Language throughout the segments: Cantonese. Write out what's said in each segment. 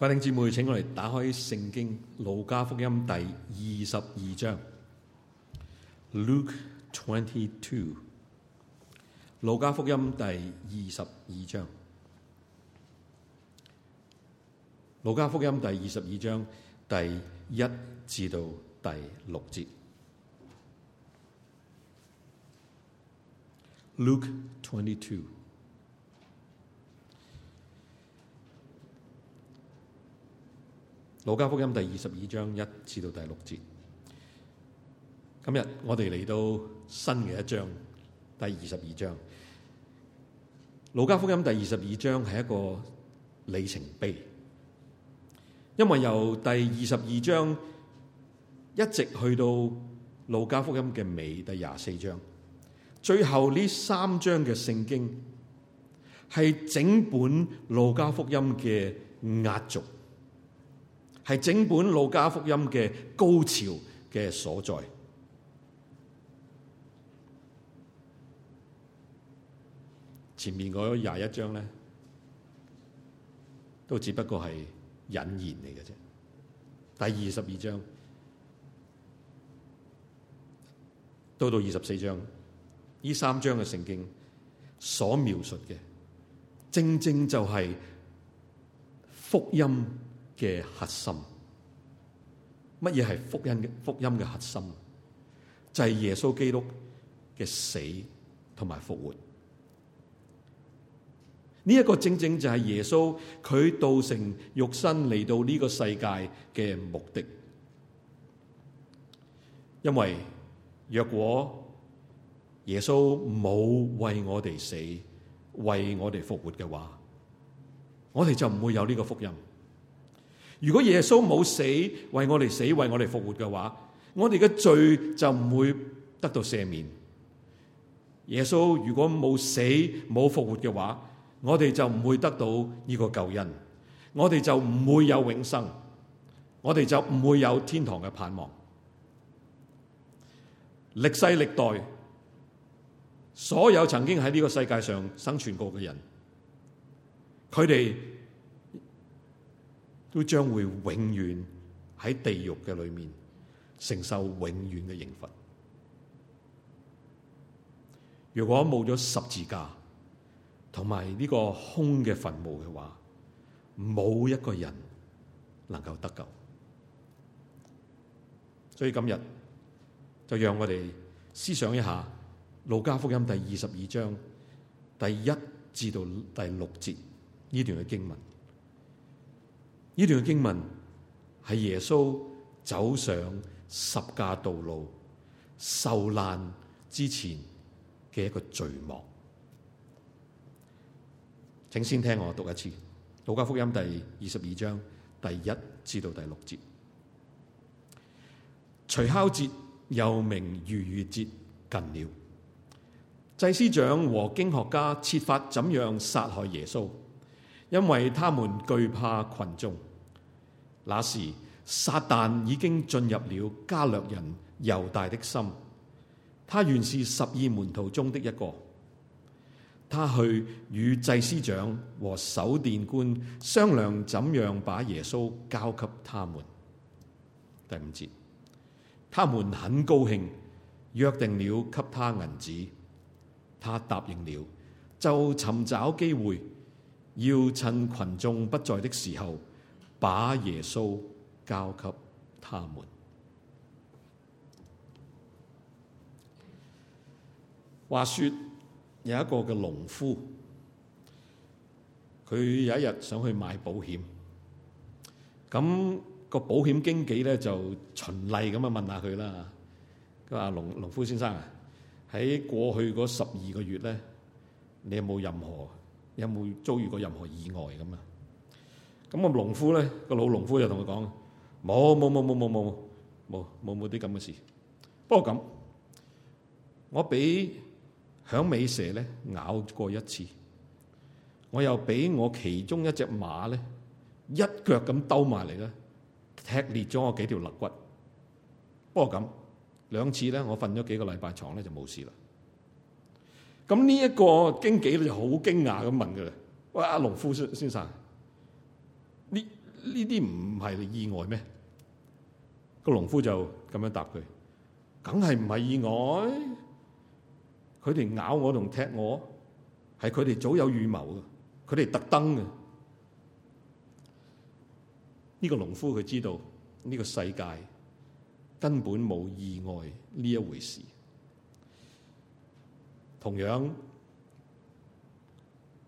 各位弟兄姊妹，請我哋打開聖經《路加福音》第二十二章，《Luke Twenty Two》。《路加福音》第二十二章，《路加福音》第二十二章第一至到第六節，《Luke Twenty Two》。路加福音第二十二章一至到第六節，今日我哋嚟到新嘅一章，第二十二章。路加福音第二十二章係一個里程碑，因為由第二十二章一直去到路加福音嘅尾，第廿四章，最後呢三章嘅聖經係整本路加福音嘅壓軸。係整本《路加福音》嘅高潮嘅所在，前面嗰廿一章呢，都只不過係引言嚟嘅啫。第二十二章到到二十四章，呢三章嘅聖經所描述嘅，正正就係福音嘅核心，乜嘢係福音？嘅福音嘅核心，就係、是、耶穌基督嘅死同埋復活。呢、這、一個正正就係耶穌佢道成肉身嚟到呢個世界嘅目的。因為若果耶穌冇為我哋死、為我哋復活嘅話，我哋就唔會有呢個福音。如果耶穌冇死，為我哋死，為我哋復活嘅話，我哋嘅罪就唔會得到赦免。耶穌如果冇死、冇復活嘅話，我哋就唔會得到呢個救恩，我哋就唔會有永生，我哋就唔會有天堂嘅盼望。歷世歷代，所有曾經喺呢個世界上生存過嘅人，佢哋。都將會永遠喺地獄嘅裏面承受永遠嘅刑罰。如果冇咗十字架同埋呢個空嘅墳墓嘅話，冇一個人能夠得救。所以今日就讓我哋思想一下《路加福音》第二十二章第一至到第六節呢段嘅經文。呢段經文係耶穌走上十架道路受難之前嘅一個序幕，請先聽我讀一次《路加福音》第二十二章第一至到第六節。除酵節又名逾越節近了，祭司長和經學家設法怎樣殺害耶穌，因為他們懼怕群眾。那時，撒旦已經進入了加略人猶大的心，他原是十二門徒中的一個。他去與祭司長和守殿官商量，怎樣把耶穌交給他們。第五節，他們很高興，約定了給他銀子，他答應了，就尋找機會，要趁羣眾不在的時候。把耶穌交給他們。話說有一個嘅農夫，佢有一日想去買保險，咁個保險經紀呢就循例咁問下佢啦。佢話農，農夫先生啊，喺過去嗰十二個月呢，你有冇任何，你有冇遭遇過任何意外咁啊？咁我農夫咧，個老農夫就同佢講：冇冇冇冇冇冇冇冇冇啲咁嘅事。不過咁，我俾響尾蛇咧咬過一次，我又俾我其中一隻馬咧一腳咁兜埋嚟咧，踢裂咗我幾條肋骨。不過咁，兩次咧，我瞓咗幾個禮拜床咧就冇事啦。咁呢一個經紀咧就好驚訝咁問佢：喂、哎，阿農夫先先生？呢啲唔係意外咩？個農夫就咁樣答佢，梗係唔係意外。佢哋咬我同踢我，係佢哋早有預謀嘅，佢哋特登嘅。呢個農夫佢知道呢個世界根本冇意外呢一回事。同樣，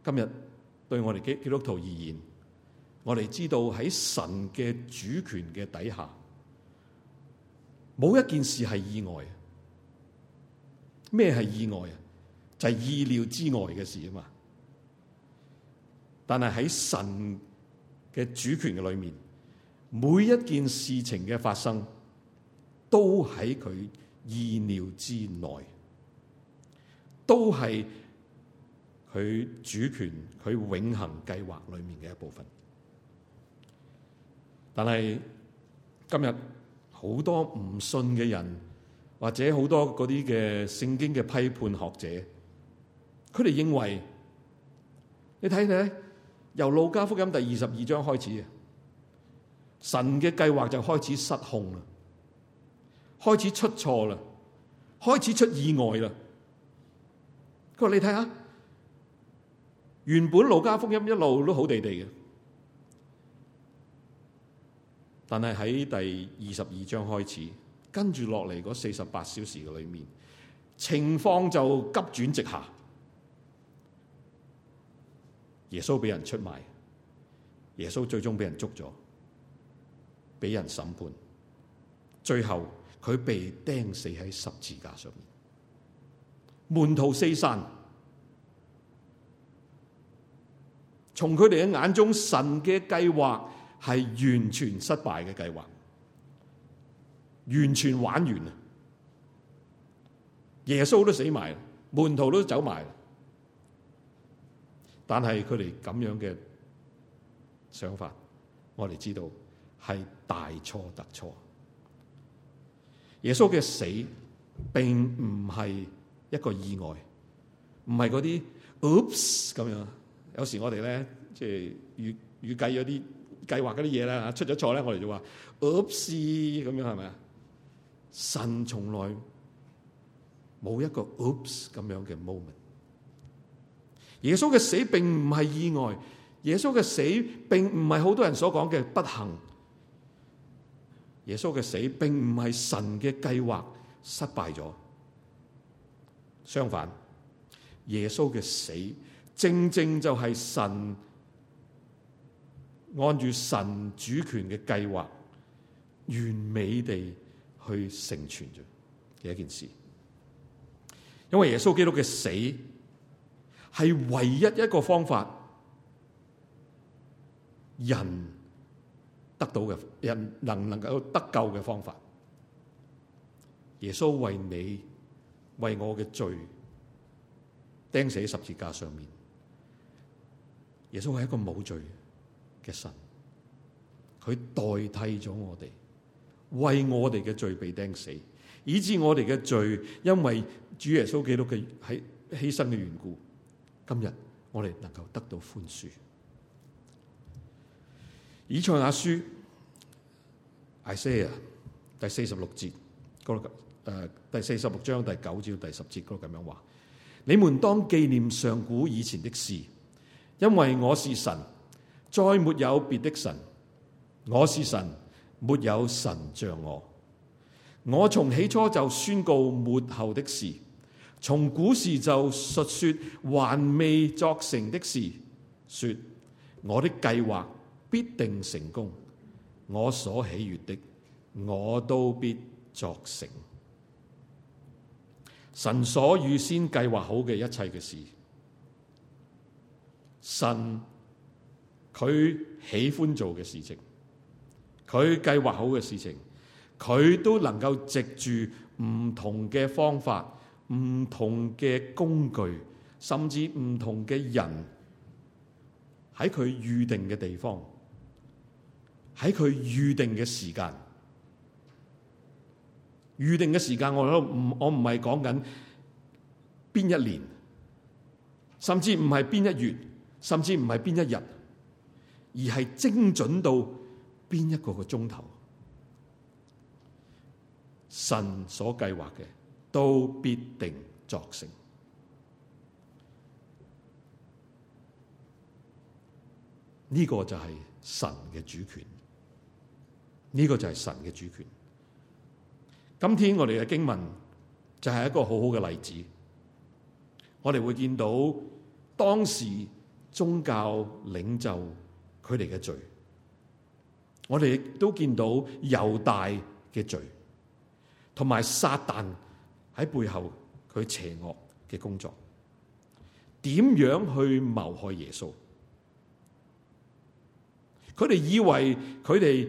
今日對我哋基督徒而言。我哋知道喺神嘅主權嘅底下，冇一件事係意外。咩係意外啊？就係、是、意料之外嘅事啊嘛。但係喺神嘅主權嘅裏面，每一件事情嘅發生，都喺佢意料之內，都係佢主權佢永恒計劃裏面嘅一部分。但係今日好多唔信嘅人，或者好多嗰啲嘅聖經嘅批判學者，佢哋認為，你睇睇由《路加福音》第二十二章開始啊，神嘅計劃就開始失控啦，開始出錯啦，開始出意外啦。佢話你睇下，原本《路加福音》一路都好地地嘅。但係喺第二十二章開始，跟住落嚟嗰四十八小時嘅裏面，情況就急轉直下。耶穌俾人出賣，耶穌最終俾人捉咗，俾人審判，最後佢被釘死喺十字架上面，門徒四散。從佢哋嘅眼中，神嘅計劃。係完全失敗嘅計劃，完全玩完啊！耶穌都死埋，門徒都走埋，但係佢哋咁樣嘅想法，我哋知道係大錯特錯。耶穌嘅死並唔係一個意外，唔係嗰啲 oops 咁樣。有時我哋咧即係預預計咗啲即係計劃嗰啲嘢啦，出咗錯咧，我哋就話 oops 咁樣係咪啊？神從來冇一個 oops 咁樣嘅 moment。耶穌嘅死並唔係意外，耶穌嘅死並唔係好多人所講嘅不幸。耶穌嘅死並唔係神嘅計劃失敗咗。相反，耶穌嘅死正正就係神。按住神主權嘅計劃，完美地去成全咗嘅一件事。因為耶穌基督嘅死係唯一一個方法，人得到嘅人能能夠得救嘅方法。耶穌為你為我嘅罪釘死喺十字架上面。耶穌係一個冇罪嘅嘅神，佢代替咗我哋，為我哋嘅罪被釘死，以致我哋嘅罪因為主耶穌基督嘅喺犧牲嘅緣故，今日我哋能夠得到寬恕。以賽亞書，Isaiah 第四十六節，誒第四十六章第九至第十節嗰度咁樣話：你們當紀念上古以前的事，因為我是神。再沒有別的神，我是神，沒有神像我。我從起初就宣告末後的事，從古時就述說還未作成的事，說我的計劃必定成功，我所喜悅的我都必作成。神所預先計劃好嘅一切嘅事，神。佢喜歡做嘅事情，佢計劃好嘅事情，佢都能夠藉住唔同嘅方法、唔同嘅工具，甚至唔同嘅人，喺佢預定嘅地方，喺佢預定嘅時間。預定嘅時間，我都唔，我唔係講緊邊一年，甚至唔係邊一月，甚至唔係邊一日。而係精準到邊一個個鐘頭，神所計劃嘅都必定作成。呢個就係神嘅主權，呢個就係神嘅主權。今天我哋嘅經文就係一個好好嘅例子，我哋會見到當時宗教領袖佢哋嘅罪，我哋亦都見到猶大嘅罪，同埋撒旦喺背後佢邪惡嘅工作，點樣去謀害耶穌？佢哋以為佢哋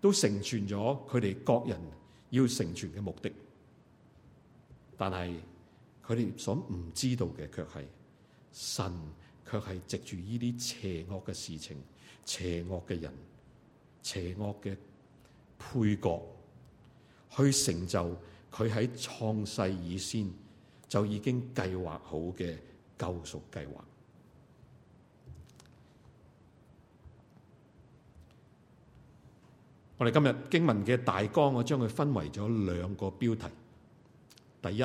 都成全咗佢哋各人要成全嘅目的，但係佢哋所唔知道嘅，卻係神。卻係藉住呢啲邪惡嘅事情、邪惡嘅人、邪惡嘅配角，去成就佢喺創世以先就已經計劃好嘅救贖計劃。我哋今日經文嘅大綱，我將佢分為咗兩個標題。第一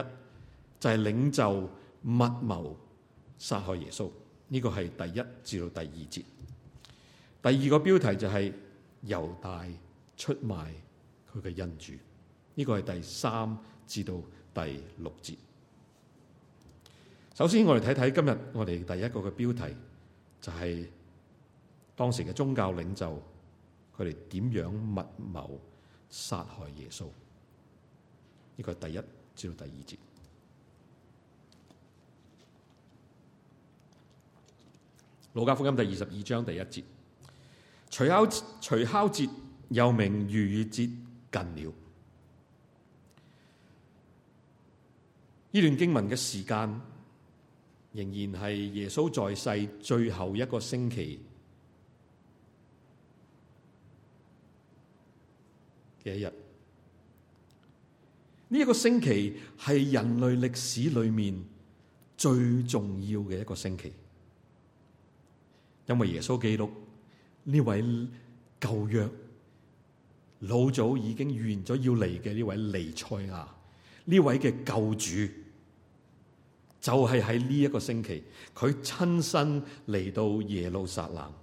就係領袖密謀殺害耶穌。呢個係第一至到第二節。第二個標題就係猶大出賣佢嘅恩主，呢、這個係第三至到第六節。首先我哋睇睇今日我哋第一個嘅標題就係當時嘅宗教領袖，佢哋點樣密謀殺害耶穌。呢、這個係第一至到第二節。路加福音第二十二章第一節，除酵除酵節又名逾越節近了。呢段經文嘅時間，仍然係耶穌在世最後一個星期嘅一日。呢、這、一個星期係人類歷史裏面最重要嘅一個星期。因為耶穌基督呢位舊約老早已經預言咗要嚟嘅呢位彌賽亞呢位嘅救主，就係喺呢一個星期，佢親身嚟到耶路撒冷，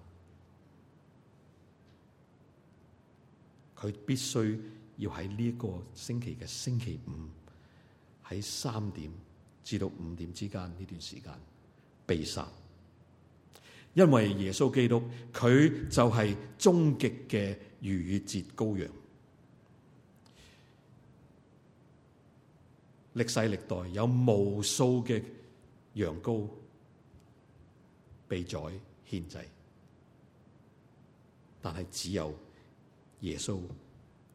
佢必須要喺呢一個星期嘅星期五喺三點至到五點之間呢段時間被殺。因為耶穌基督佢就係終極嘅逾越節羔羊，歷世歷代有無數嘅羊羔被宰獻祭，但係只有耶穌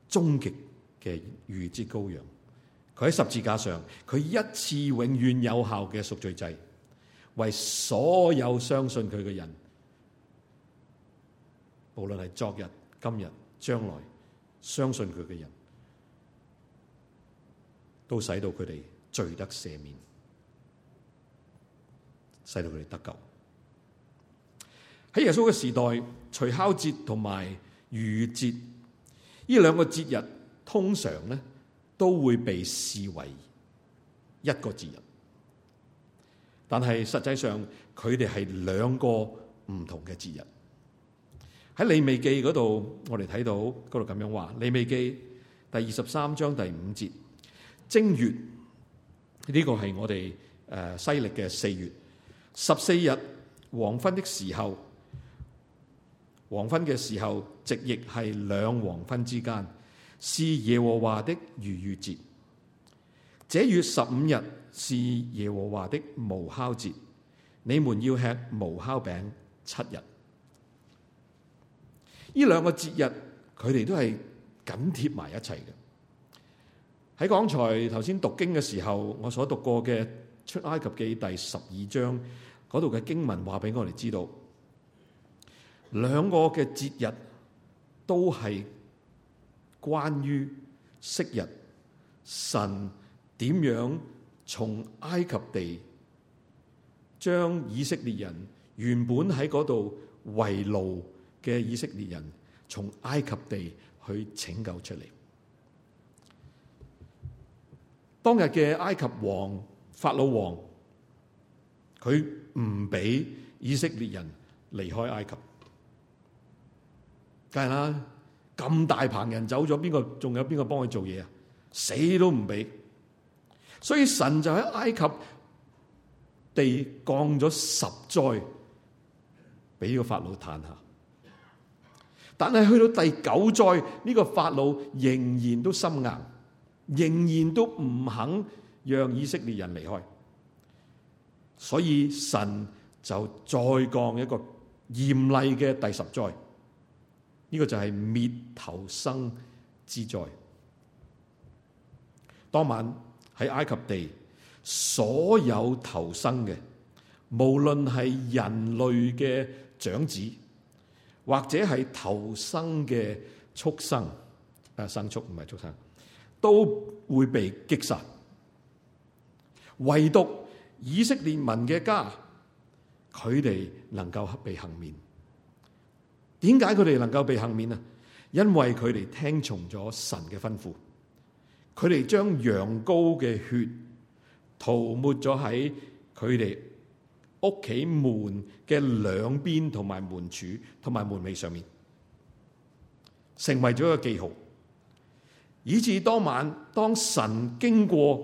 終極嘅逾越節羔羊，佢喺十字架上，佢一次永遠有效嘅贖罪祭。為所有相信佢嘅人，無論係昨日、今日、將來，相信佢嘅人，都使到佢哋罪得赦免，使到佢哋得救。喺耶穌嘅時代，除酵節同埋逾節，呢兩個節日通常咧都會被視為一個節日。但係實際上，佢哋係兩個唔同嘅節日。喺利未記嗰度，我哋睇到嗰度咁樣話：利未記第二十三章第五節，正月呢，這個係我哋誒西歷嘅四月十四日黃昏的時候，黃昏嘅時候，直亦係兩黃昏之間，是耶和華的逾越節。這月十五日是耶和華的無酵節，你們要吃無酵餅七日。呢兩個節日，佢哋都係緊貼埋一齊嘅。喺剛才頭先讀經嘅時候，我所讀過嘅出埃及記第十二章嗰度嘅經文，話俾我哋知道，兩個嘅節日都係關於昔日神點樣從埃及地將以色列人，原本喺嗰度為奴嘅以色列人，從埃及地去拯救出嚟？當日嘅埃及王法老王，佢唔俾以色列人離開埃及，梗係啦。咁大棚人走咗，邊個仲有邊個幫佢做嘢啊？死都唔俾。所以神就喺埃及地降咗十災，俾個法老嘆下。但係去到第九災，呢個法老仍然都心硬，仍然都唔肯讓以色列人離開。所以神就再降一個嚴厲嘅第十災，呢個就係滅頭生之災。當晚。喺埃及地，所有頭生嘅，無論係人類嘅長子，或者係頭生嘅畜生，誒、啊，牲畜唔係畜生，都會被擊殺。唯獨以色列民嘅家，佢哋能夠被幸免。點解佢哋能夠被幸免啊？因為佢哋聽從咗神嘅吩咐。佢哋將羊羔嘅血塗抹咗喺佢哋屋企門嘅兩邊同埋門柱同埋門楣上面，成為咗一個記號。以至當晚，當神經過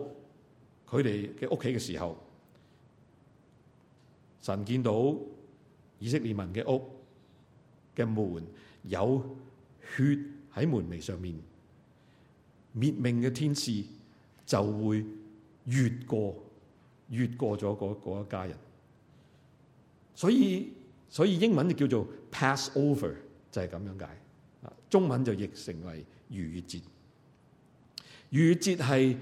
佢哋嘅屋企嘅時候，神見到以色列民嘅屋嘅門有血喺門楣上面。滅命嘅天使就會越過越過咗嗰嗰一家人，所以所以英文就叫做 Passover 就係咁樣解，啊中文就譯成為逾越節，逾越節係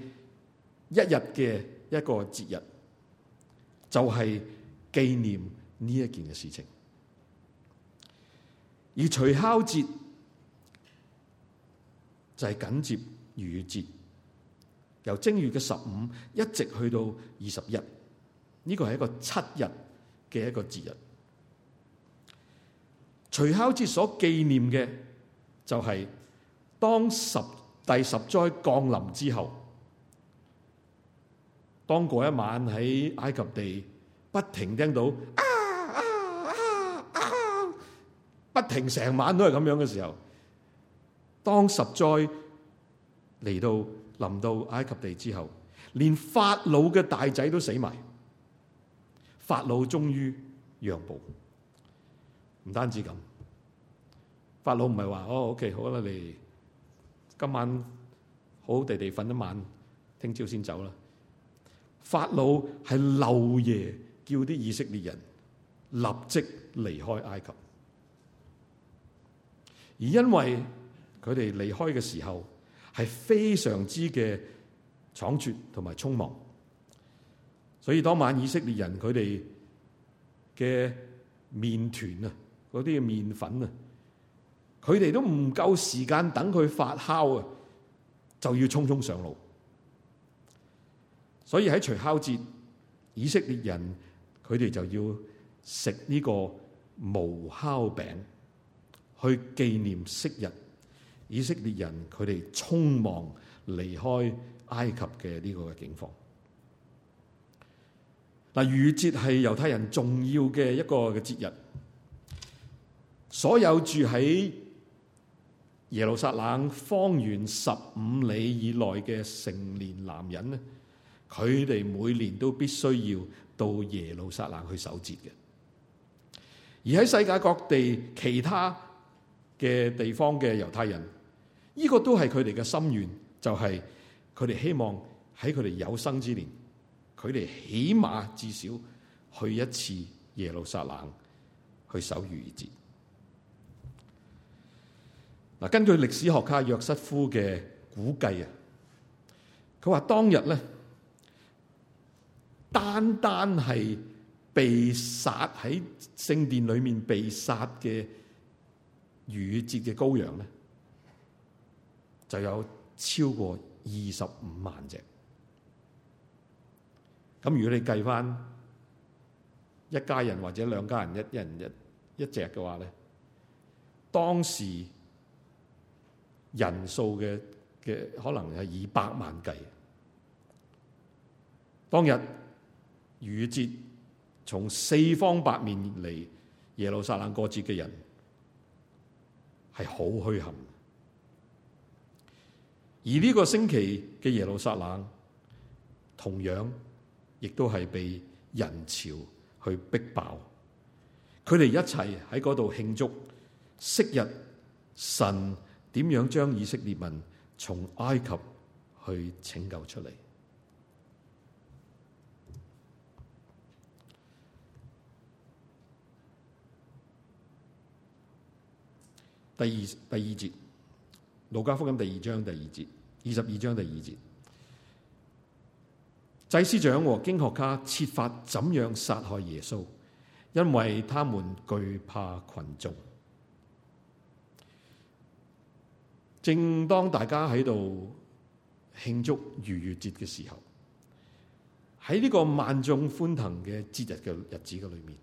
一日嘅一個節日，就係紀念呢一件嘅事情，而除酵節就係緊接逾節由正月嘅十五一直去到二十一，呢個係一個七日嘅一個節日。除酵節所紀念嘅就係、是、當十第十災降臨之後，當過一晚喺埃及地不停聽到，不停成、啊啊啊、晚都係咁樣嘅時候，當十災。嚟到臨到埃及地之後，連法老嘅大仔都死埋，法老終於讓步。唔單止咁，法老唔係話哦，OK 好啦，你今晚好好地地瞓一晚，聽朝先走啦。法老係漏夜叫啲以色列人立即離開埃及，而因為佢哋離開嘅時候，係非常之嘅倉促同埋匆忙，所以當晚以色列人佢哋嘅麵團啊，嗰啲麵粉啊，佢哋都唔夠時間等佢發酵啊，就要匆匆上路。所以喺除酵節，以色列人佢哋就要食呢個無酵餅，去紀念昔日。以色列人佢哋匆忙離開埃及嘅呢個嘅境況。嗱，逾節係猶太人重要嘅一個嘅節日。所有住喺耶路撒冷方圓十五里以內嘅成年男人咧，佢哋每年都必須要到耶路撒冷去守節嘅。而喺世界各地其他嘅地方嘅猶太人。呢個都係佢哋嘅心願，就係佢哋希望喺佢哋有生之年，佢哋起碼至少去一次耶路撒冷去守逾節。嗱，根據歷史學家約瑟夫嘅估計啊，佢話當日咧，單單係被殺喺聖殿裡面被殺嘅逾節嘅羔羊咧。就有超過二十五萬隻。咁如果你計翻一,一家人或者兩家人一人一一隻嘅話咧，當時人數嘅嘅可能係以百萬計。當日雨節從四方八面嚟耶路撒冷過節嘅人係好虛恆。而呢個星期嘅耶路撒冷，同樣亦都係被人潮去逼爆，佢哋一齊喺嗰度慶祝昔日，神點樣將以色列民從埃及去拯救出嚟。第二，第二節。路加福音第二章第二節，二十二章第二節，祭司長和經學家設法怎樣殺害耶穌，因為他們懼怕群眾。正當大家喺度慶祝逾越節嘅時候，喺呢個萬眾歡騰嘅節日嘅日子嘅裏面，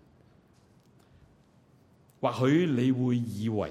或許你會以為。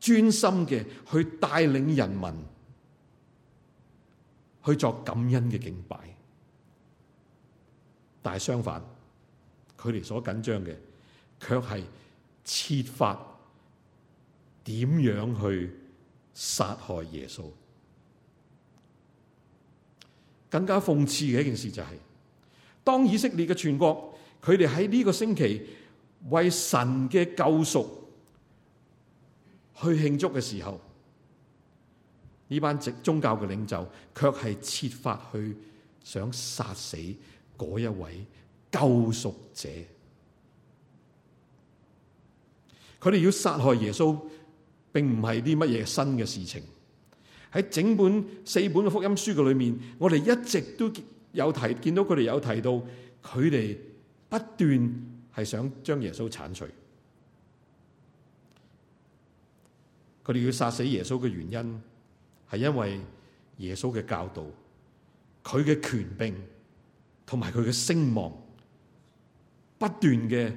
專心嘅去帶領人民去作感恩嘅敬拜，但係相反，佢哋所緊張嘅，却係設法點樣去殺害耶穌。更加諷刺嘅一件事就係，當以色列嘅全國，佢哋喺呢個星期為神嘅救贖。去慶祝嘅時候，呢班職宗教嘅領袖卻係設法去想殺死嗰一位救贖者。佢哋要殺害耶穌，並唔係啲乜嘢新嘅事情。喺整本四本嘅福音書嘅裏面，我哋一直都有提見到佢哋有提到，佢哋不斷係想將耶穌鏟除。佢哋要殺死耶穌嘅原因，係因為耶穌嘅教導，佢嘅權柄同埋佢嘅聲望，不斷嘅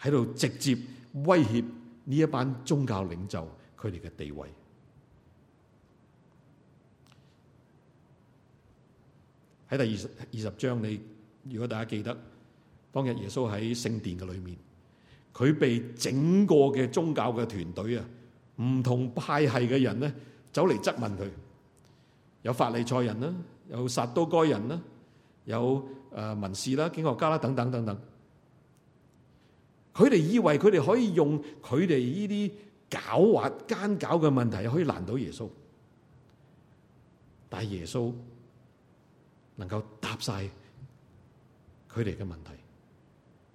喺度直接威脅呢一班宗教領袖佢哋嘅地位。喺第二十二十章裏，你如果大家記得，當日耶穌喺聖殿嘅裏面，佢被整個嘅宗教嘅團隊啊。唔同派系嘅人咧，走嚟質問佢，有法利賽人啦，有撒都該人啦，有誒、呃、文士啦、經學家啦，等等等等。佢哋以為佢哋可以用佢哋呢啲狡猾奸狡嘅問題，可以難到耶穌，但係耶穌能夠答晒佢哋嘅問題。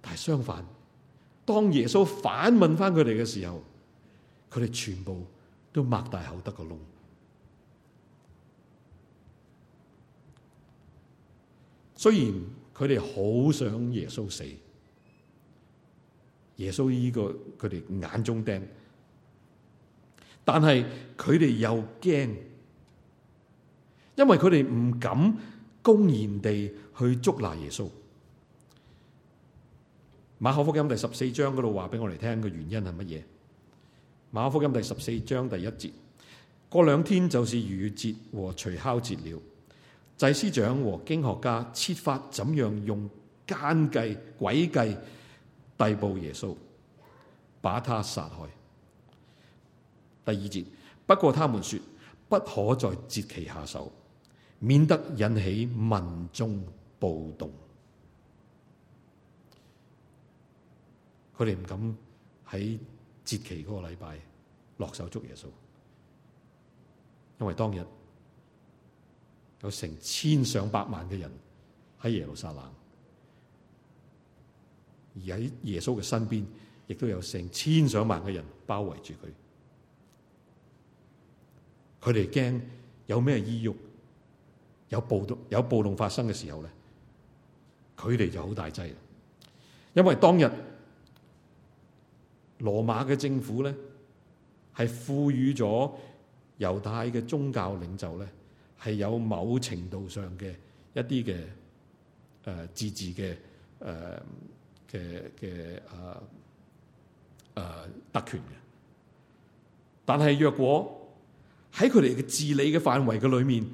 但係相反，當耶穌反問翻佢哋嘅時候，佢哋全部都擘大口得個窿，雖然佢哋好想耶穌死，耶穌呢個佢哋眼中釘，但係佢哋又驚，因為佢哋唔敢公然地去捉拿耶穌。馬可福音第十四章嗰度話俾我哋聽嘅原因係乜嘢？馬福音第十四章第一節，過兩天就是逾越節和除酵節了。祭司長和經學家設法怎樣用奸計詭計逮捕耶穌，把他殺害。第二節，不過他們說不可在節期下手，免得引起民眾暴動。佢哋唔敢喺節期嗰個禮拜，落手捉耶穌，因為當日有成千上百萬嘅人喺耶路撒冷，而喺耶穌嘅身邊，亦都有成千上萬嘅人包圍住佢。佢哋驚有咩異郁，有暴動，有暴動發生嘅時候咧，佢哋就好大劑，因為當日。羅馬嘅政府咧，係賦予咗猶太嘅宗教領袖咧，係有某程度上嘅一啲嘅誒自治嘅誒嘅嘅誒誒特權嘅。但係若果喺佢哋嘅治理嘅範圍嘅裏面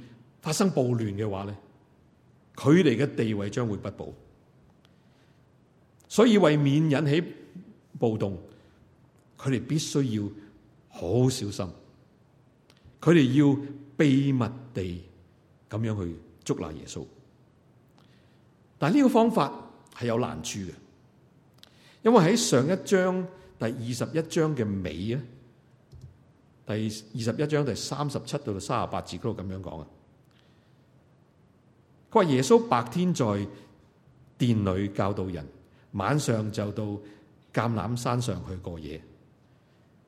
發生暴亂嘅話咧，佢哋嘅地位將會不保。所以為免引起暴動。佢哋必須要好小心，佢哋要秘密地咁樣去捉拿耶穌。但係呢個方法係有難處嘅，因為喺上一章第二十一章嘅尾啊，第二十一章第三十七到到三十八節嗰度咁樣講啊。佢話耶穌白天在殿裏教導人，晚上就到橄欖山上去過夜。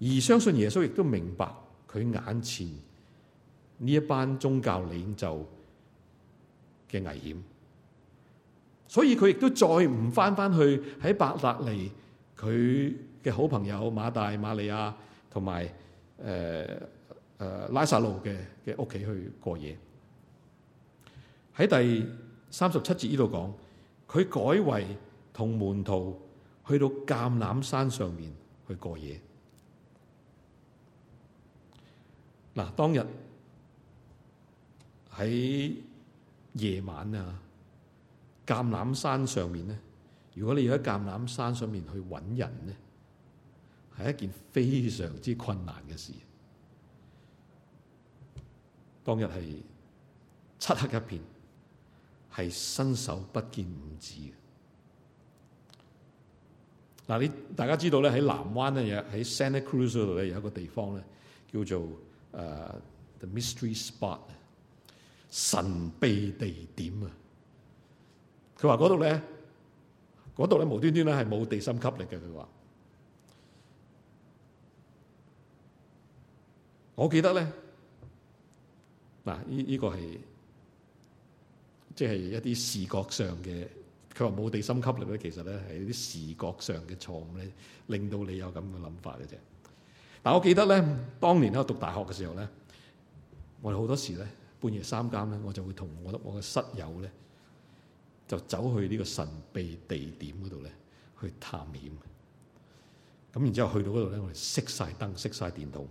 而相信耶穌亦都明白佢眼前呢一班宗教領袖嘅危險，所以佢亦都再唔翻翻去喺伯大尼佢嘅好朋友馬大馬利亞同埋誒誒拉撒路嘅嘅屋企去過夜。喺第三十七節呢度講，佢改為同門徒去到橄欖山上面去過夜。嗱，當日喺夜晚啊，橄欖山上面咧，如果你要喺橄欖山上面去揾人咧，係一件非常之困難嘅事。當日係漆黑一片，係伸手不見五指嘅。嗱，你大家知道咧，喺南灣咧有喺 Santa Cruz 嗰度咧有一個地方咧叫做，誒、uh, The Mystery Spot，神秘地點啊！佢話嗰度咧，嗰度咧無端端咧係冇地心吸力嘅。佢話，我記得咧，嗱呢呢個係即係一啲視覺上嘅，佢話冇地心吸力咧，其實咧係一啲視覺上嘅錯誤咧，令到你有咁嘅諗法嘅啫。但我記得咧，當年喺度讀大學嘅時候咧，我哋好多時咧半夜三更咧，我就會同我得我嘅室友咧，就走去呢個神秘地點嗰度咧去探險。咁然之後去到嗰度咧，我哋熄晒燈、熄晒電筒，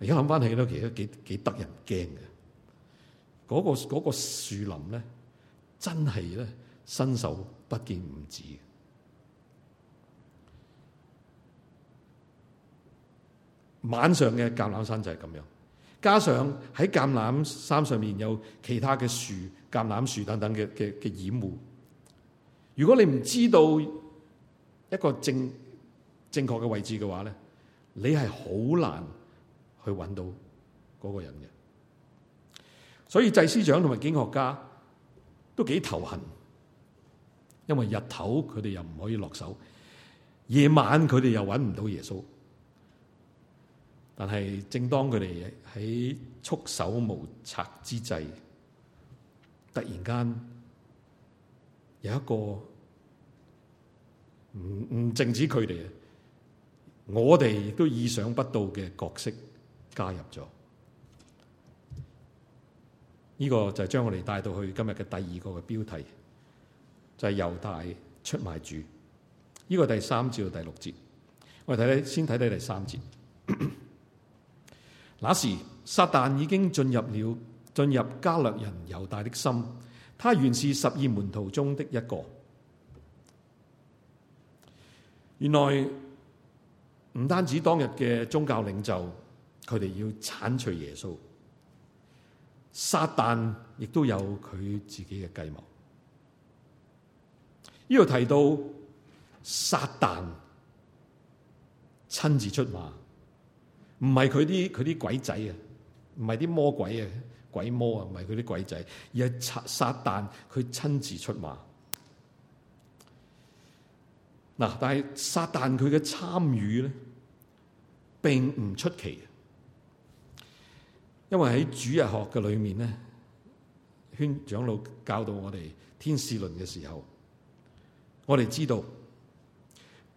而家諗翻起都其實幾幾得人驚嘅。嗰個嗰個樹林咧，真係咧伸手不見五指。晚上嘅橄欖山就係咁樣，加上喺橄欖山上面有其他嘅樹、橄欖樹等等嘅嘅嘅掩護。如果你唔知道一個正正確嘅位置嘅話咧，你係好難去揾到嗰個人嘅。所以祭司長同埋經學家都幾頭痕，因為日頭佢哋又唔可以落手，夜晚佢哋又揾唔到耶穌。但係，正當佢哋喺束手無策之際，突然間有一個唔唔淨止佢哋，我哋都意想不到嘅角色加入咗。呢個就係將我哋帶到去今日嘅第二個嘅標題，就係猶大出賣主。呢個第三節到第六節，我哋睇睇先，睇睇第三節。那時，撒旦已經進入了進入加略人猶大的心，他原是十二門徒中的一個。原來唔單止當日嘅宗教領袖，佢哋要剷除耶穌，撒旦亦都有佢自己嘅計謀。呢度提到撒旦親自出馬。唔係佢啲佢啲鬼仔啊，唔係啲魔鬼啊、鬼魔啊，唔係佢啲鬼仔，而係撒撒旦佢親自出馬。嗱，但係撒旦佢嘅參與咧，並唔出奇，因為喺主日學嘅裏面咧，圈長老教導我哋天使論嘅時候，我哋知道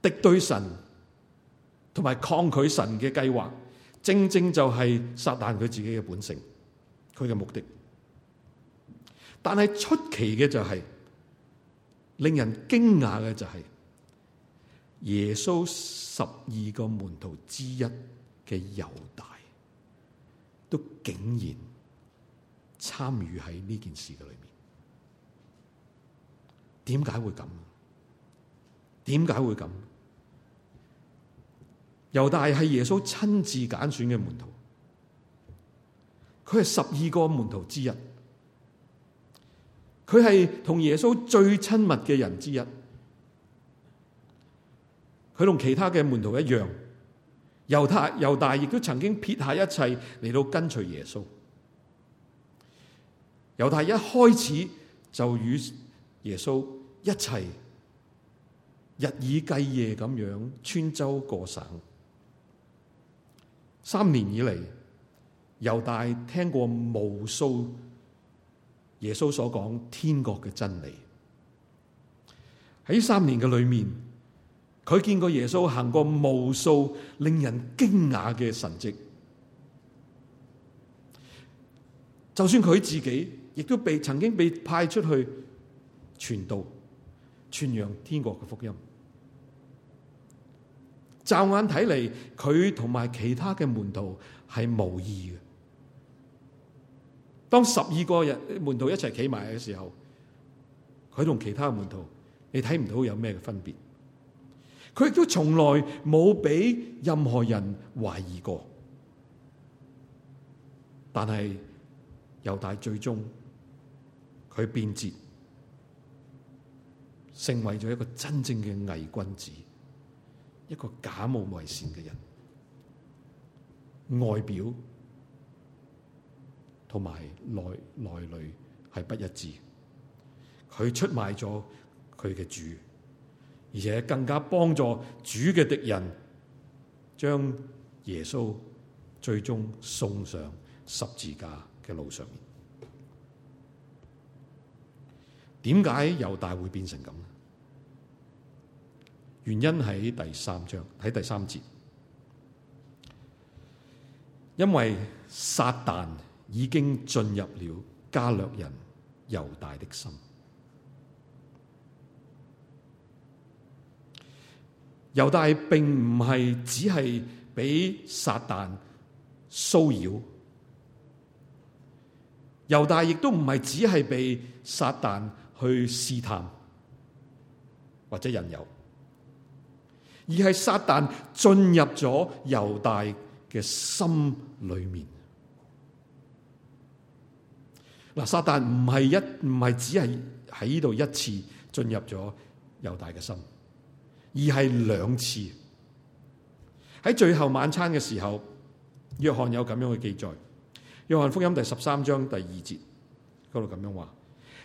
敵對神同埋抗拒神嘅計劃。正正就係撒但佢自己嘅本性，佢嘅目的。但係出奇嘅就係、是，令人驚訝嘅就係、是，耶穌十二個門徒之一嘅猶大，都竟然參與喺呢件事嘅裏面。點解會咁？點解會咁？猶大係耶穌親自揀選嘅門徒，佢係十二個門徒之一，佢係同耶穌最親密嘅人之一。佢同其他嘅門徒一樣，猶大猶大亦都曾經撇下一切嚟到跟隨耶穌。猶大一開始就與耶穌一齊日以繼夜咁樣穿州過省。三年以嚟，猶大聽過無數耶穌所講天國嘅真理。喺三年嘅裏面，佢見過耶穌行過無數令人驚訝嘅神迹。就算佢自己，亦都被曾經被派出去傳道、傳揚天國嘅福音。驟眼睇嚟，佢同埋其他嘅門徒係無異嘅。當十二個人門徒一齊企埋嘅時候，佢同其他門徒，你睇唔到有咩嘅分別。佢亦都從來冇俾任何人懷疑過。但係，猶大最終佢變節，成為咗一個真正嘅偽君子。一個假冒偽善嘅人，外表同埋內內裏係不一致，佢出賣咗佢嘅主，而且更加幫助主嘅敵人，將耶穌最終送上十字架嘅路上面。點解猶大會變成咁？原因喺第三章，喺第三節，因為撒旦已經進入了加略人猶大的心。猶大並唔係只係被撒旦騷擾，猶大亦都唔係只係被撒旦去試探或者引誘。而係撒旦進入咗猶大嘅心裏面。嗱，撒旦唔係一唔係只係喺度一次進入咗猶大嘅心，而係兩次。喺最後晚餐嘅時候，約翰有咁樣嘅記載，約翰福音第十三章第二節嗰度咁樣話：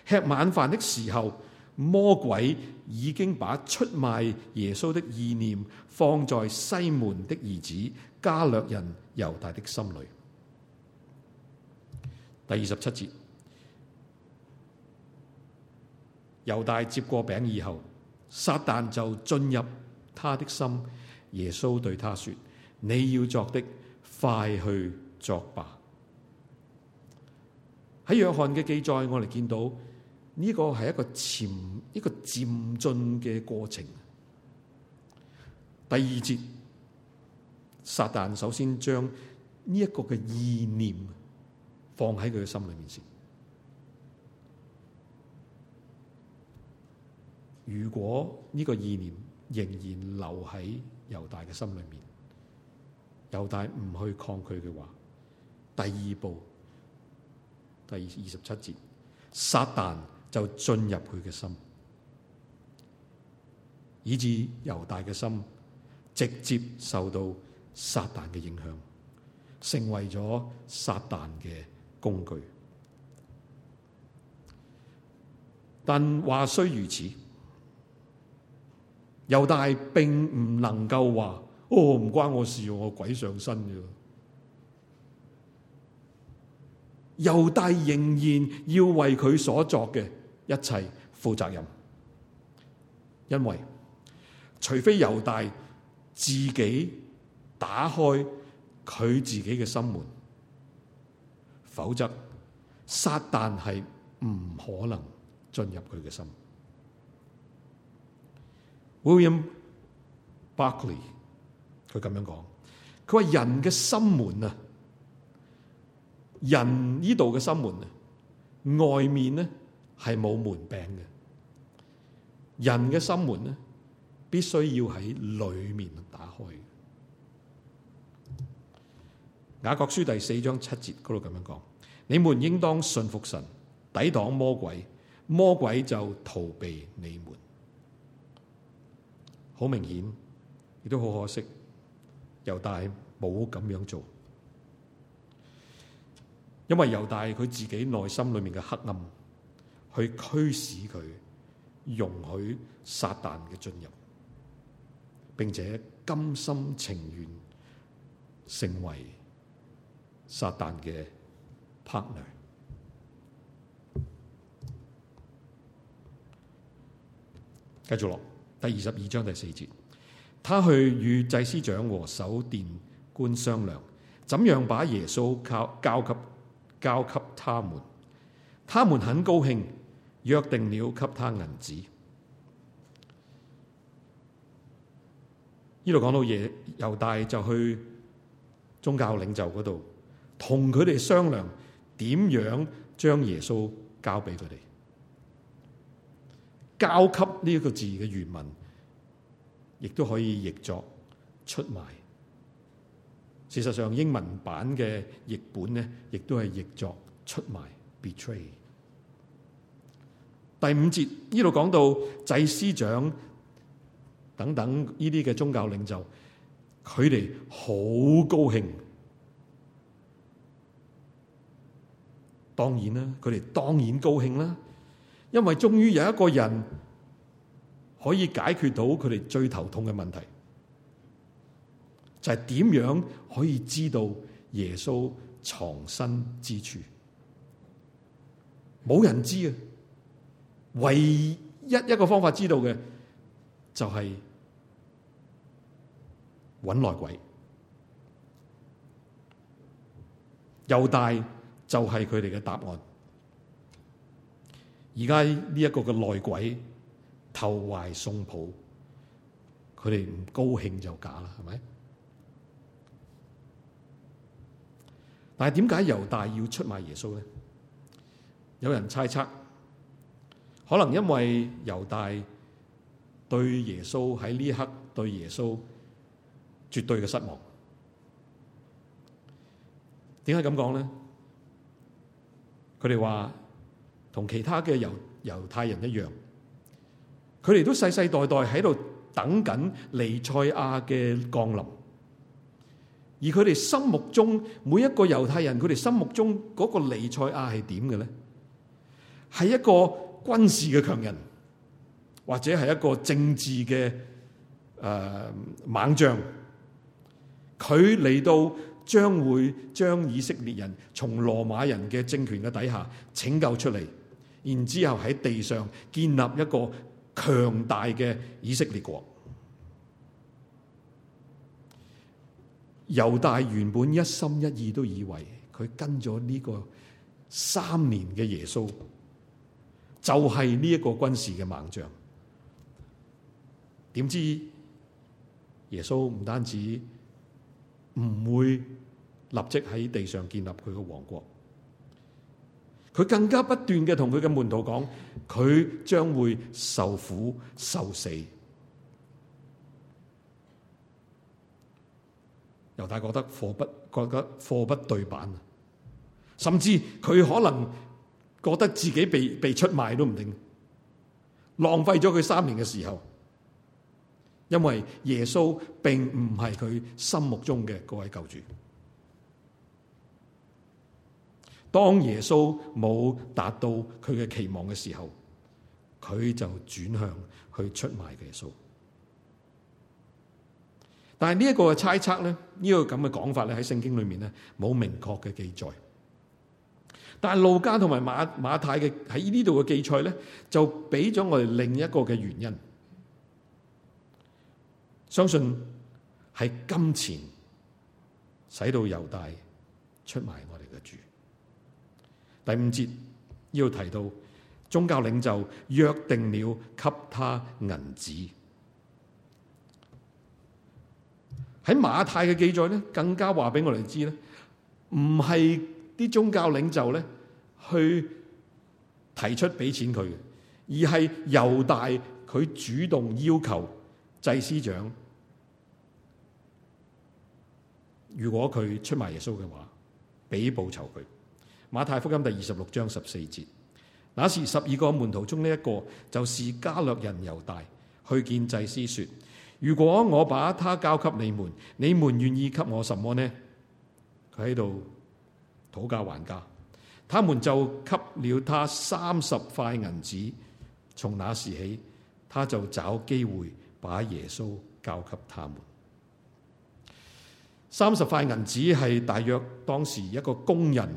吃晚飯的時候。魔鬼已經把出賣耶穌的意念放在西門的兒子加略人猶大的心裏。第二十七節，猶大接過餅以後，撒旦就進入他的心。耶穌對他說：你要作的，快去作吧。喺約翰嘅記載，我哋見到。呢個係一個漸，一個漸進嘅過程。第二節，撒旦首先將呢一個嘅意念放喺佢嘅心裏面先。如果呢個意念仍然留喺猶大嘅心裏面，猶大唔去抗拒嘅話，第二步，第二十七節，撒旦就進入佢嘅心，以至猶大嘅心直接受到撒但嘅影響，成為咗撒但嘅工具。但話雖如此，猶大並唔能夠話：哦，唔關我事，我鬼上身嘅。猶大仍然要為佢所作嘅一切負責任，因為除非猶大自己打開佢自己嘅心門，否則撒旦係唔可能進入佢嘅心。William Barclay 佢咁樣講，佢話人嘅心門啊，人呢度嘅心門啊，外面咧。係冇門柄嘅，人嘅心門呢，必須要喺裏面打開嘅。雅各書第四章七節嗰度咁樣講：你們應當信服神，抵擋魔鬼，魔鬼就逃避你們。好明顯，亦都好可惜，猶大冇咁樣做，因為猶大佢自己內心裏面嘅黑暗。佢驅使佢容許撒但嘅進入，並且甘心情願成為撒但嘅 partner。繼續落第二十二章第四節，他去與祭司長和守殿官商量，怎樣把耶穌交交給交給他們。他們很高興。約定了給他銀子，呢度講到耶猶大就去宗教領袖嗰度，同佢哋商量點樣將耶穌交俾佢哋，交給呢一個字嘅原文，亦都可以譯作出賣。事實上，英文版嘅譯本咧，亦都係譯作出賣，betray。Bet 第五節呢度講到祭司長等等呢啲嘅宗教領袖，佢哋好高興。當然啦，佢哋當然高興啦，因為終於有一個人可以解決到佢哋最頭痛嘅問題，就係點樣可以知道耶穌藏身之處？冇人知啊！唯一一個方法知道嘅就係揾內鬼，猶大就係佢哋嘅答案。而家呢一個嘅內鬼投懷送抱，佢哋唔高興就假啦，係咪？但係點解猶大要出賣耶穌咧？有人猜測。可能因為猶大對耶穌喺呢一刻對耶穌絕對嘅失望，點解咁講咧？佢哋話同其他嘅猶猶太人一樣，佢哋都世世代代喺度等緊彌賽亞嘅降臨，而佢哋心目中每一個猶太人，佢哋心目中嗰個彌賽亞係點嘅咧？係一個。軍事嘅強人，或者係一個政治嘅誒、呃、猛將，佢嚟到將會將以色列人從羅馬人嘅政權嘅底下拯救出嚟，然之後喺地上建立一個強大嘅以色列國。猶大原本一心一意都以為佢跟咗呢個三年嘅耶穌。就係呢一個軍事嘅猛將。點知耶穌唔單止唔會立即喺地上建立佢嘅王國，佢更加不斷嘅同佢嘅門徒講，佢將會受苦受死。猶大覺得貨不覺得貨不對板啊，甚至佢可能。覺得自己被被出賣都唔定，浪費咗佢三年嘅時候，因為耶穌並唔係佢心目中嘅嗰位救主。當耶穌冇達到佢嘅期望嘅時候，佢就轉向去出賣的耶穌。但係呢一個猜測咧，呢、呢個咁嘅講法咧喺聖經裏面咧冇明確嘅記載。但係路加同埋馬馬太嘅喺呢度嘅記載咧，就俾咗我哋另一個嘅原因，相信係金錢使到猶大出賣我哋嘅主。第五節要提到宗教領袖約定了給他銀紙。喺馬太嘅記載咧，更加話俾我哋知咧，唔係。啲宗教領袖咧，去提出俾錢佢嘅，而係猶大佢主動要求祭司長，如果佢出賣耶穌嘅話，俾報酬佢。馬太福音第二十六章十四節，那時十二個門徒中呢一個，就是加略人猶大去見祭司說：如果我把他交給你們，你們願意給我什麼呢？佢喺度。討價還價，他們就給了他三十塊銀紙。從那時起，他就找機會把耶穌交給他們。三十塊銀紙係大約當時一個工人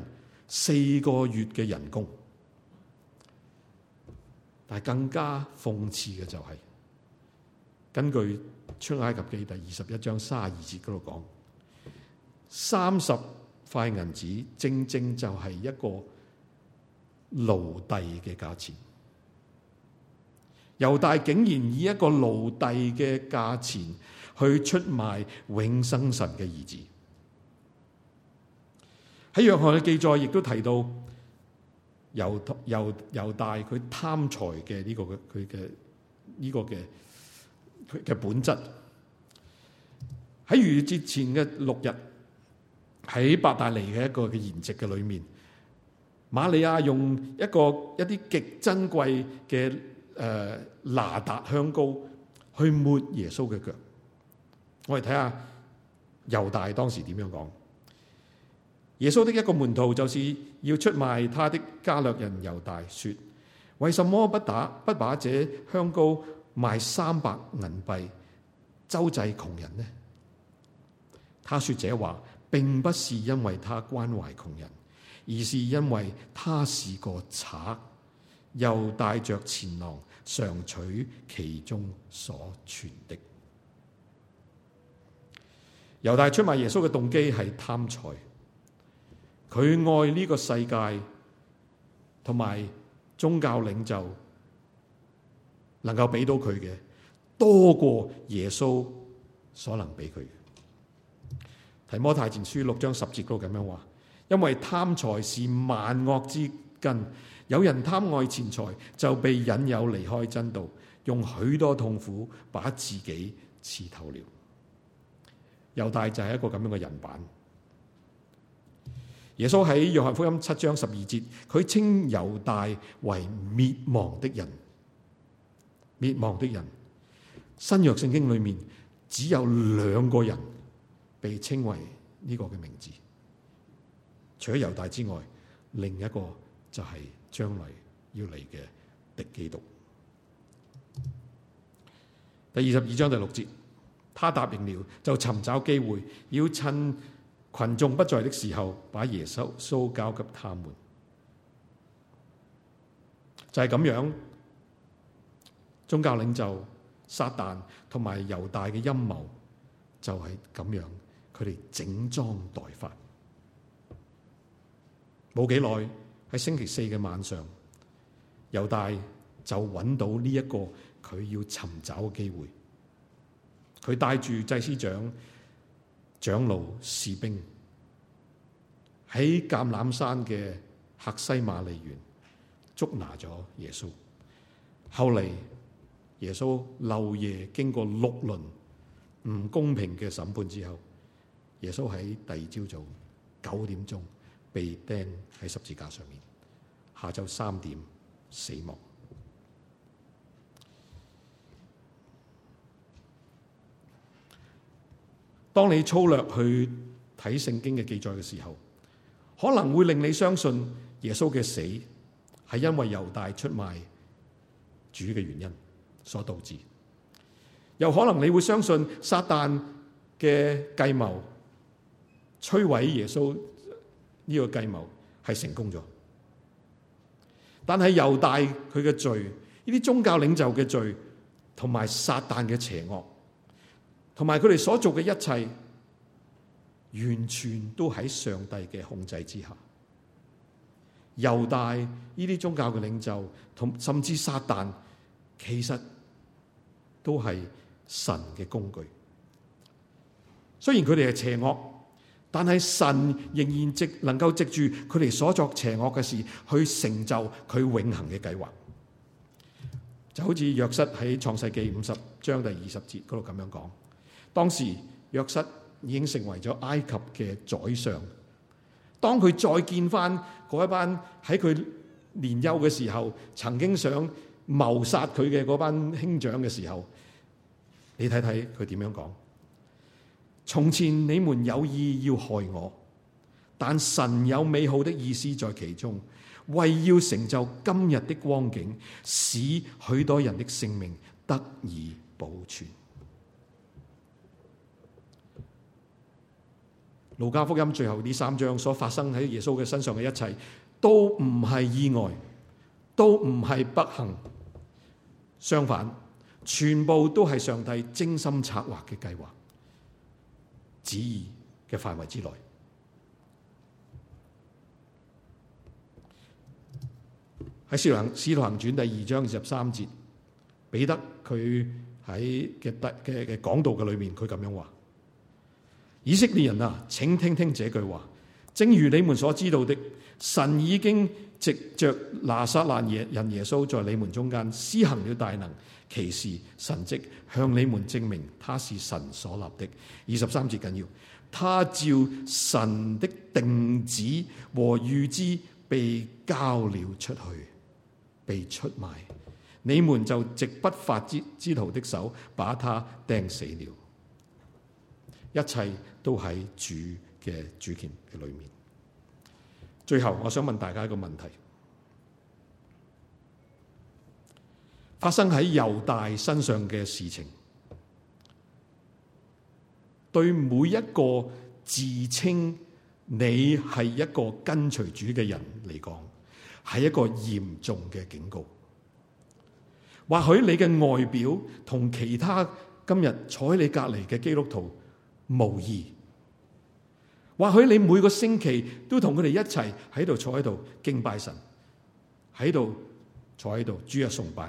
四個月嘅人工。但更加諷刺嘅就係、是，根據出埃及記第二十一章三十二節嗰度講，三十。塊銀子正正就係一個奴隸嘅價錢，猶大竟然以一個奴隸嘅價錢去出賣永生神嘅兒子。喺約翰嘅記載亦都提到猶猶猶大佢貪財嘅呢個嘅佢嘅呢個嘅嘅本質。喺逾節前嘅六日。喺伯大尼嘅一個嘅筵席嘅裏面，瑪利亞用一個一啲極珍貴嘅誒、呃、拿達香膏去抹耶穌嘅腳。我哋睇下猶大當時點樣講？耶穌的一個門徒就是要出賣他的加略人猶大說：為什麼不打不把這香膏賣三百銀幣周濟窮人呢？他說這話。並不是因為他關懷窮人，而是因為他是個賊，又帶着錢囊，常取其中所存的。猶大出賣耶穌嘅動機係貪財，佢愛呢個世界同埋宗教領袖能夠俾到佢嘅多過耶穌所能俾佢嘅。係《提摩太前書》六章十節嗰度咁樣話，因為貪財是萬惡之根，有人貪愛錢財，就被引誘離開真道，用許多痛苦把自己刺透了。猶大就係一個咁樣嘅人版：耶穌喺《約翰福音》七章十二節，佢稱猶大為滅亡的人。滅亡的人，新約聖經裏面只有兩個人。被稱為呢個嘅名字，除咗猶大之外，另一個就係將來要嚟嘅敵基督。第二十二章第六節，他答應了，就尋找機會，要趁群眾不在的時候，把耶穌蘇交給他們。就係咁樣，宗教領袖、撒旦同埋猶大嘅陰謀就係咁樣。佢哋整裝待發，冇幾耐喺星期四嘅晚上，猶大就揾到呢一個佢要尋找嘅機會。佢帶住祭司長、長老、士兵喺橄欖山嘅客西馬利園捉拿咗耶穌。後嚟耶穌漏夜經過六輪唔公平嘅審判之後，耶穌喺第二朝早九點鐘被釘喺十字架上面，下晝三點死亡。當你粗略去睇聖經嘅記載嘅時候，可能會令你相信耶穌嘅死係因為猶大出賣主嘅原因所導致，又可能你會相信撒旦嘅計謀。摧毀耶穌呢個計謀係成功咗，但係猶大佢嘅罪，呢啲宗教領袖嘅罪，同埋撒旦嘅邪惡，同埋佢哋所做嘅一切，完全都喺上帝嘅控制之下。猶大呢啲宗教嘅領袖，同甚至撒旦，其實都係神嘅工具。雖然佢哋係邪惡。但係神仍然能夠藉住佢哋所作邪惡嘅事，去成就佢永恒嘅計劃。就好似約瑟喺創世記五十章第二十節嗰度咁樣講，當時約瑟已經成為咗埃及嘅宰相。當佢再見翻嗰一班喺佢年幼嘅時候，曾經想謀殺佢嘅嗰班兄長嘅時候，你睇睇佢點樣講。從前你們有意要害我，但神有美好的意思在其中，為要成就今日的光景，使許多人的性命得以保存。路加福音最後呢三章所發生喺耶穌嘅身上嘅一切，都唔係意外，都唔係不幸，相反，全部都係上帝精心策劃嘅計劃。旨意嘅範圍之內，喺《使徒使徒行傳》第二章二十三節，彼得佢喺嘅嘅嘅講道嘅裏面，佢咁樣話：以色列人啊，請聽聽這句話。正如你們所知道的，神已經藉著拿撒勒耶人耶穌，在你們中間施行了大能。其事神迹向你們證明他是神所立的。二十三節緊要，他照神的定旨和預知被交了出去，被出賣。你們就藉不法之徒的手把他釘死了。一切都喺主嘅主權裏面。最後，我想問大家一個問題。發生喺猶大身上嘅事情，對每一個自稱你係一個跟隨主嘅人嚟講，係一個嚴重嘅警告。或許你嘅外表同其他今日坐喺你隔籬嘅基督徒無異，或許你每個星期都同佢哋一齊喺度坐喺度敬拜神，喺度坐喺度主日崇拜。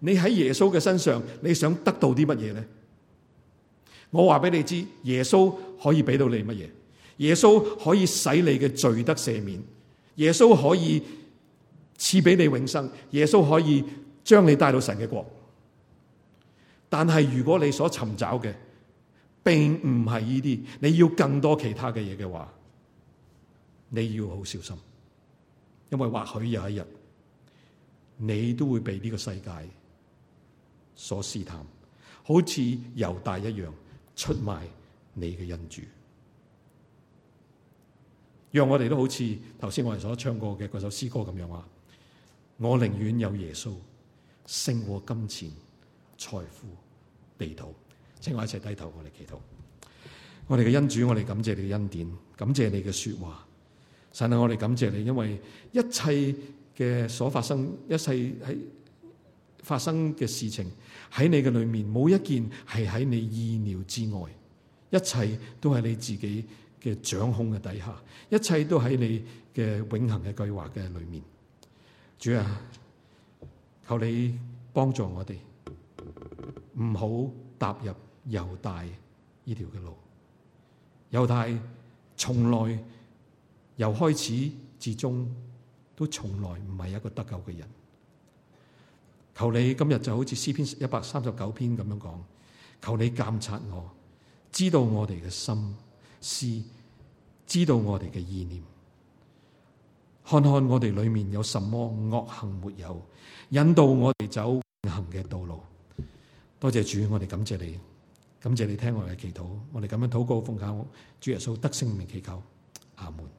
你喺耶穌嘅身上，你想得到啲乜嘢咧？我話俾你知，耶穌可以俾到你乜嘢？耶穌可以使你嘅罪得赦免，耶穌可以賜俾你永生，耶穌可以將你帶到神嘅國。但係如果你所尋找嘅並唔係呢啲，你要更多其他嘅嘢嘅話，你要好小心，因為或許有一日你都會被呢個世界，所試探，好似猶大一樣出賣你嘅恩主，讓我哋都好似頭先我哋所唱過嘅嗰首詩歌咁樣話：我寧願有耶穌勝過金錢、財富、地土，請我一齊低頭，我哋祈禱。我哋嘅恩主，我哋感謝你嘅恩典，感謝你嘅說話，神啊，我哋感謝你，因為一切嘅所發生，一切喺。發生嘅事情喺你嘅裏面，冇一件係喺你意料之外，一切都係你自己嘅掌控嘅底下，一切都喺你嘅永恆嘅計劃嘅裏面。主啊，求你幫助我哋，唔好踏入猶大呢條嘅路。猶大從來由開始至終都從來唔係一個得救嘅人。求你今日就好似詩篇一百三十九篇咁樣講，求你監察我，知道我哋嘅心思，知道我哋嘅意念，看看我哋裏面有什麼惡行沒有，引導我哋走行嘅道路。多謝主，我哋感謝你，感謝你聽我哋嘅祈禱，我哋咁樣禱告奉靠主耶穌得勝嘅名祈求，阿門。